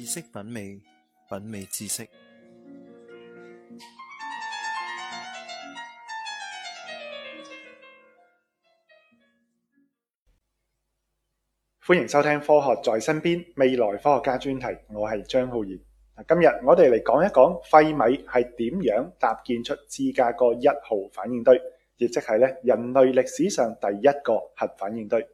知識品味，品味知識。歡迎收聽《科學在身邊》未來科學家專題，我係張浩然。嗱，今日我哋嚟講一講費米係點樣搭建出芝加哥一號反應堆，亦即係咧人類歷史上第一個核反應堆。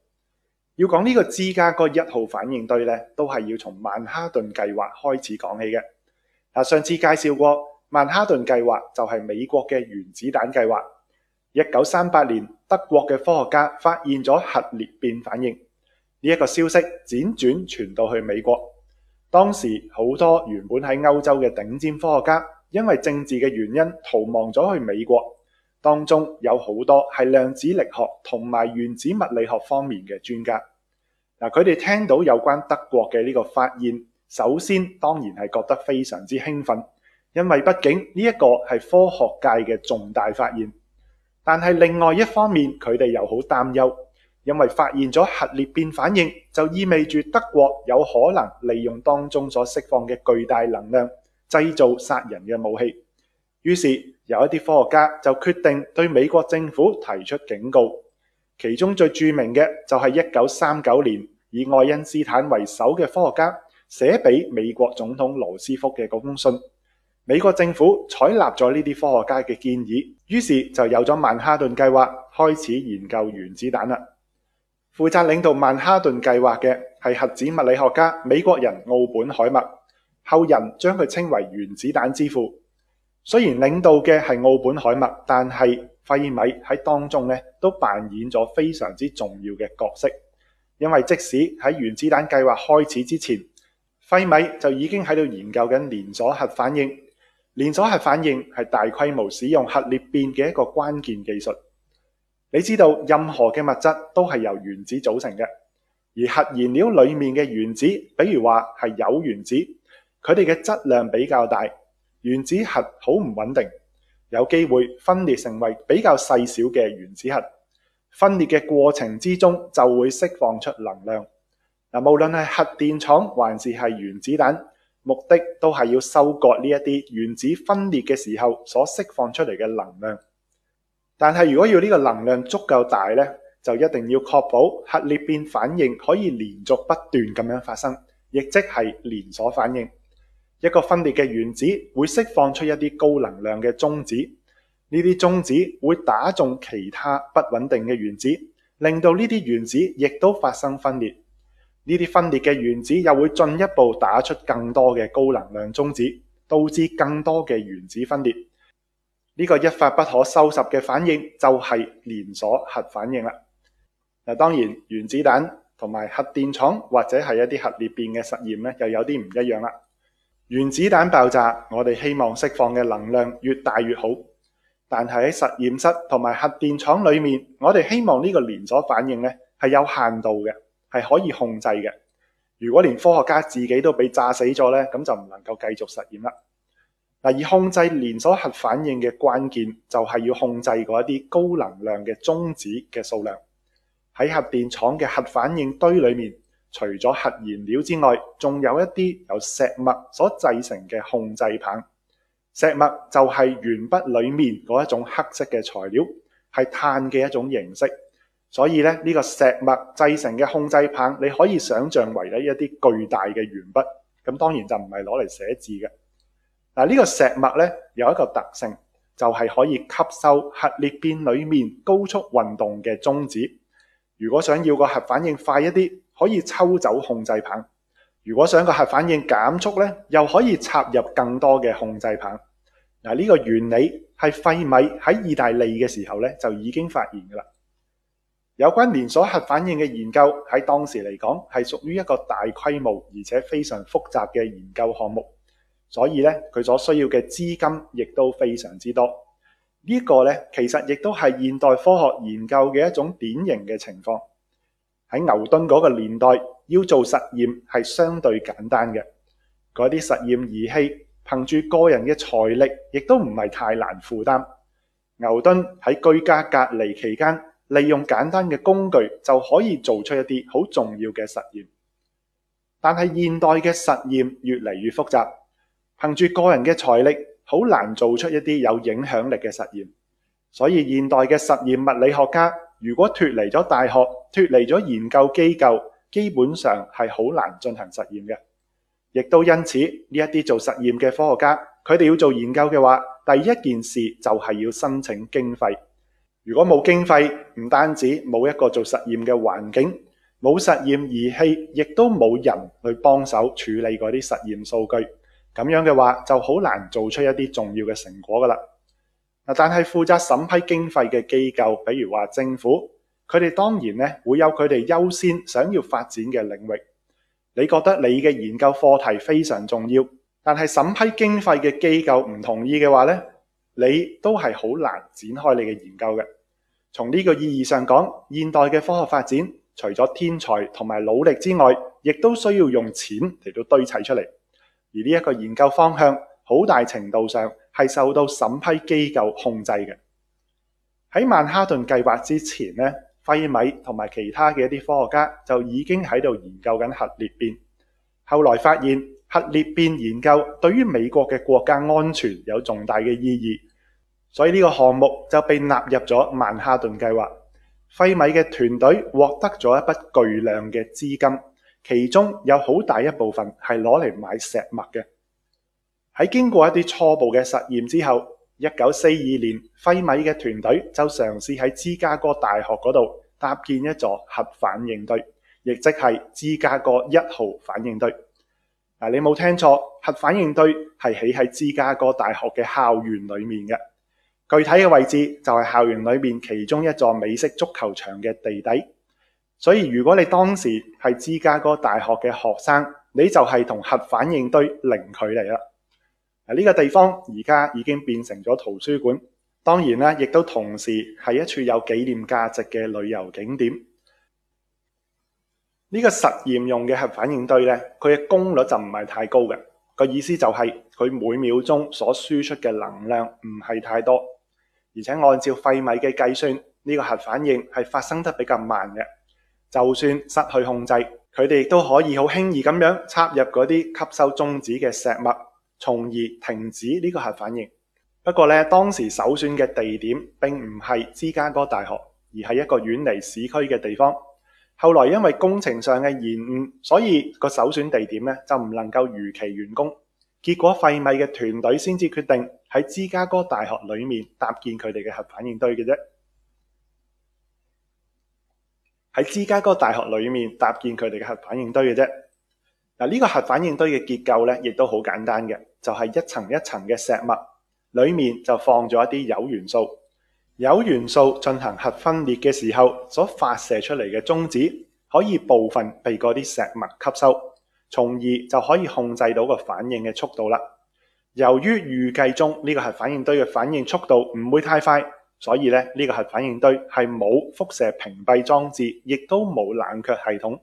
要講呢個芝加哥一號反應堆呢，都係要從曼哈頓計劃開始講起嘅。嗱，上次介紹過曼哈頓計劃就係美國嘅原子彈計劃。一九三八年，德國嘅科學家發現咗核裂變反應，呢一個消息輾轉傳到去美國，當時好多原本喺歐洲嘅頂尖科學家，因為政治嘅原因逃亡咗去美國。當中有好多係量子力學同埋原子物理學方面嘅專家，嗱，佢哋聽到有關德國嘅呢個發現，首先當然係覺得非常之興奮，因為畢竟呢一個係科學界嘅重大發現。但係另外一方面，佢哋又好擔憂，因為發現咗核裂變反應，就意味住德國有可能利用當中所釋放嘅巨大能量，製造殺人嘅武器。於是有一啲科學家就決定對美國政府提出警告，其中最著名嘅就係一九三九年以愛因斯坦為首嘅科學家寫俾美國總統羅斯福嘅嗰封信。美國政府採納咗呢啲科學家嘅建議，於是就有咗曼哈頓計劃，開始研究原子彈啦。負責領導曼哈頓計劃嘅係核子物理學家、美國人奧本海默，後人將佢稱為原子彈之父。雖然領導嘅係奧本海默，但係費米喺當中咧都扮演咗非常之重要嘅角色。因為即使喺原子彈計劃開始之前，費米就已經喺度研究緊連鎖核反應。連鎖核反應係大規模使用核裂變嘅一個關鍵技術。你知道任何嘅物質都係由原子組成嘅，而核燃料裏面嘅原子，比如話係鈾原子，佢哋嘅質量比較大。原子核好唔穩定，有機會分裂成為比較細小嘅原子核。分裂嘅過程之中就會釋放出能量。嗱，無論係核電廠還是係原子彈，目的都係要收割呢一啲原子分裂嘅時候所釋放出嚟嘅能量。但係如果要呢個能量足夠大呢，就一定要確保核裂變反應可以連續不斷咁樣發生，亦即係連鎖反應。一個分裂嘅原子會釋放出一啲高能量嘅中子，呢啲中子會打中其他不穩定嘅原子，令到呢啲原子亦都發生分裂。呢啲分裂嘅原子又會進一步打出更多嘅高能量中子，導致更多嘅原子分裂。呢個一發不可收拾嘅反應就係連鎖核反應啦。嗱，當然，原子彈同埋核電廠或者係一啲核裂變嘅實驗咧，又有啲唔一樣啦。原子彈爆炸，我哋希望釋放嘅能量越大越好。但係喺實驗室同埋核電廠裏面，我哋希望呢個連鎖反應咧，係有限度嘅，係可以控制嘅。如果連科學家自己都被炸死咗呢，咁就唔能夠繼續實驗啦。嗱，以控制連鎖核反應嘅關鍵，就係要控制嗰一啲高能量嘅中子嘅數量。喺核電廠嘅核反應堆裏面。除咗核燃料之外，仲有一啲由石墨所製成嘅控制棒。石墨就係鉛筆裏面嗰一種黑色嘅材料，係碳嘅一種形式。所以咧，呢個石墨製成嘅控制棒，你可以想象為呢一啲巨大嘅鉛筆。咁當然就唔係攞嚟寫字嘅嗱。呢、這個石墨咧有一個特性，就係、是、可以吸收核裂變裏面高速運動嘅中子。如果想要個核反應快一啲，可以抽走控制棒。如果想個核反應減速咧，又可以插入更多嘅控制棒。嗱，呢個原理係費米喺意大利嘅時候咧就已經發現㗎喇。有關連鎖核反應嘅研究喺當時嚟講係屬於一個大規模而且非常複雜嘅研究項目，所以咧，佢所需要嘅資金亦都非常之多。呢個咧其實亦都係現代科學研究嘅一種典型嘅情況。喺牛頓嗰個年代，要做實驗係相對簡單嘅，嗰啲實驗儀器憑住個人嘅財力，亦都唔係太難負擔。牛頓喺居家隔離期間，利用簡單嘅工具就可以做出一啲好重要嘅實驗。但係現代嘅實驗越嚟越複雜，憑住個人嘅財力好難做出一啲有影響力嘅實驗。所以現代嘅實驗物理學家，如果脫離咗大學，脫離咗研究機構，基本上係好難進行實驗嘅。亦都因此，呢一啲做實驗嘅科學家，佢哋要做研究嘅話，第一件事就係要申請經費。如果冇經費，唔單止冇一個做實驗嘅環境，冇實驗儀器，亦都冇人去幫手處理嗰啲實驗數據。咁樣嘅話，就好難做出一啲重要嘅成果㗎喇。但係負責審批經費嘅機構，比如話政府，佢哋當然咧會有佢哋優先想要發展嘅領域。你覺得你嘅研究課題非常重要，但係審批經費嘅機構唔同意嘅話咧，你都係好難展開你嘅研究嘅。從呢個意義上講，現代嘅科學發展除咗天才同埋努力之外，亦都需要用錢嚟到堆砌出嚟。而呢一個研究方向，好大程度上，係受到審批機構控制嘅。喺曼哈頓計劃之前咧，費米同埋其他嘅一啲科學家就已經喺度研究緊核裂變。後來發現核裂變研究對於美國嘅國家安全有重大嘅意義，所以呢個項目就被納入咗曼哈頓計劃。費米嘅團隊獲得咗一筆巨量嘅資金，其中有好大一部分係攞嚟買石墨嘅。喺經過一啲初步嘅實驗之後，一九四二年，費米嘅團隊就嘗試喺芝加哥大學嗰度搭建一座核反應堆，亦即係芝加哥一號反應堆。嗱，你冇聽錯，核反應堆係起喺芝加哥大學嘅校園裏面嘅，具體嘅位置就係校園裏面其中一座美式足球場嘅地底。所以，如果你當時係芝加哥大學嘅學生，你就係同核反應堆零距離啦。呢個地方而家已經變成咗圖書館，當然啦，亦都同時係一處有紀念價值嘅旅遊景點。呢個實驗用嘅核反應堆呢，佢嘅功率就唔係太高嘅，個意思就係佢每秒鐘所輸出嘅能量唔係太多，而且按照費米嘅計算，呢個核反應係發生得比較慢嘅。就算失去控制，佢哋亦都可以好輕易咁樣插入嗰啲吸收中子嘅石物。從而停止呢個核反應。不過呢，當時首選嘅地點並唔係芝加哥大學，而係一個遠離市區嘅地方。後來因為工程上嘅延誤，所以個首選地點呢就唔能夠如期完工。結果費米嘅團隊先至決定喺芝加哥大學裏面搭建佢哋嘅核反應堆嘅啫。喺芝加哥大學裏面搭建佢哋嘅核反應堆嘅啫。嗱，呢個核反應堆嘅結構咧，亦都好簡單嘅，就係一層一層嘅石墨，裏面就放咗一啲鈾元素。鈾元素進行核分裂嘅時候，所發射出嚟嘅中子可以部分被嗰啲石墨吸收，從而就可以控制到個反應嘅速度啦。由於預計中呢個核反應堆嘅反應速度唔會太快，所以咧呢個核反應堆係冇輻射屏蔽裝置，亦都冇冷卻系統，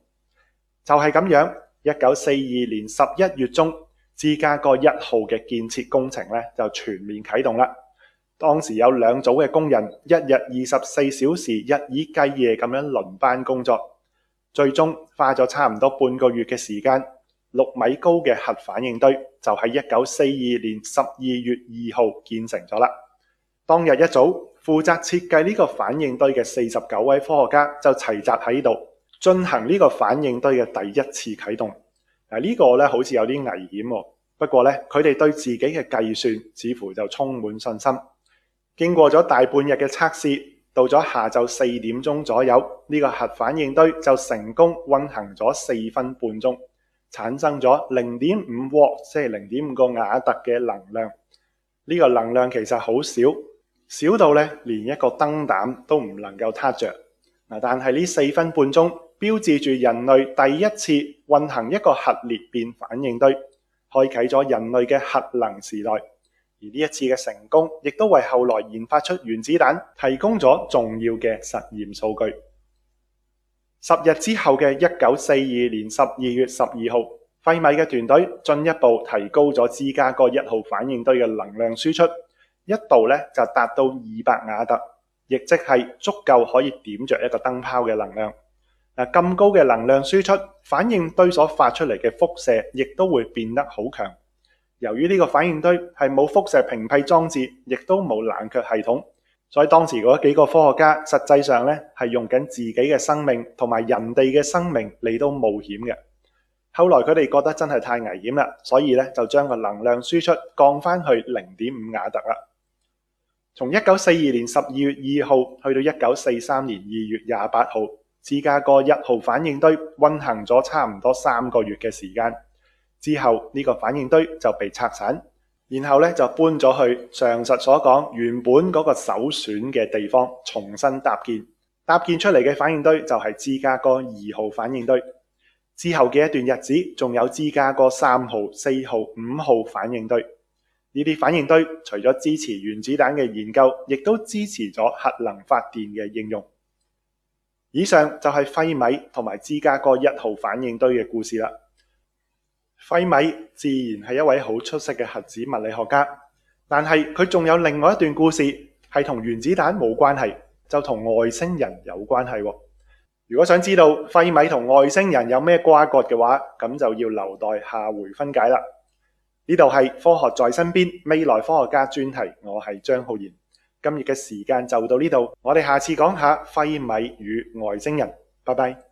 就係咁樣。一九四二年十一月中，芝加哥一號嘅建設工程咧就全面啟動啦。當時有兩組嘅工人，一日二十四小時日以繼夜咁樣輪班工作，最終花咗差唔多半個月嘅時間，六米高嘅核反應堆就喺一九四二年十二月二號建成咗啦。當日一早，負責設計呢個反應堆嘅四十九位科學家就齊集喺度。進行呢個反應堆嘅第一次啟動，嗱、這、呢個咧好似有啲危險喎。不過咧，佢哋對自己嘅計算似乎就充滿信心。經過咗大半日嘅測試，到咗下晝四點鐘左右，呢、這個核反應堆就成功運行咗四分半鐘，產生咗零點五瓦，即係零點五個瓦特嘅能量。呢、這個能量其實好少，少到咧連一個燈膽都唔能夠撻着。嗱，但係呢四分半鐘。標誌住人類第一次運行一個核裂變反應堆，開啟咗人類嘅核能時代。而呢一次嘅成功，亦都為後來研發出原子彈提供咗重要嘅實驗數據。十日之後嘅一九四二年十二月十二號，費米嘅團隊進一步提高咗芝加哥一號反應堆嘅能量輸出，一度咧就達到二百瓦特，亦即係足夠可以點著一個燈泡嘅能量。嗱，咁高嘅能量輸出，反應堆所發出嚟嘅輻射亦都會變得好強。由於呢個反應堆係冇輻射屏蔽裝置，亦都冇冷卻系統，所以當時嗰幾個科學家實際上咧係用緊自己嘅生命同埋人哋嘅生命嚟到冒險嘅。後來佢哋覺得真係太危險啦，所以咧就將個能量輸出降翻去零點五瓦特啦。從一九四二年十二月二號去到一九四三年二月廿八號。芝加哥一號反應堆運行咗差唔多三個月嘅時間，之後呢個反應堆就被拆散，然後咧就搬咗去上述所講原本嗰個首選嘅地方重新搭建。搭建出嚟嘅反應堆就係芝加哥二號反應堆。之後嘅一段日子，仲有芝加哥三號、四號、五號反應堆。呢啲反應堆除咗支持原子彈嘅研究，亦都支持咗核能發電嘅應用。以上就係費米同埋芝加哥一號反應堆嘅故事啦。費米自然係一位好出色嘅核子物理學家，但係佢仲有另外一段故事，係同原子彈冇關係，就同外星人有關係。如果想知道費米同外星人有咩瓜葛嘅話，咁就要留待下回分解啦。呢度係科學在身邊未來科學家專題，我係張浩然。今日嘅時間就到呢度，我哋下次講下費米與外星人，拜拜。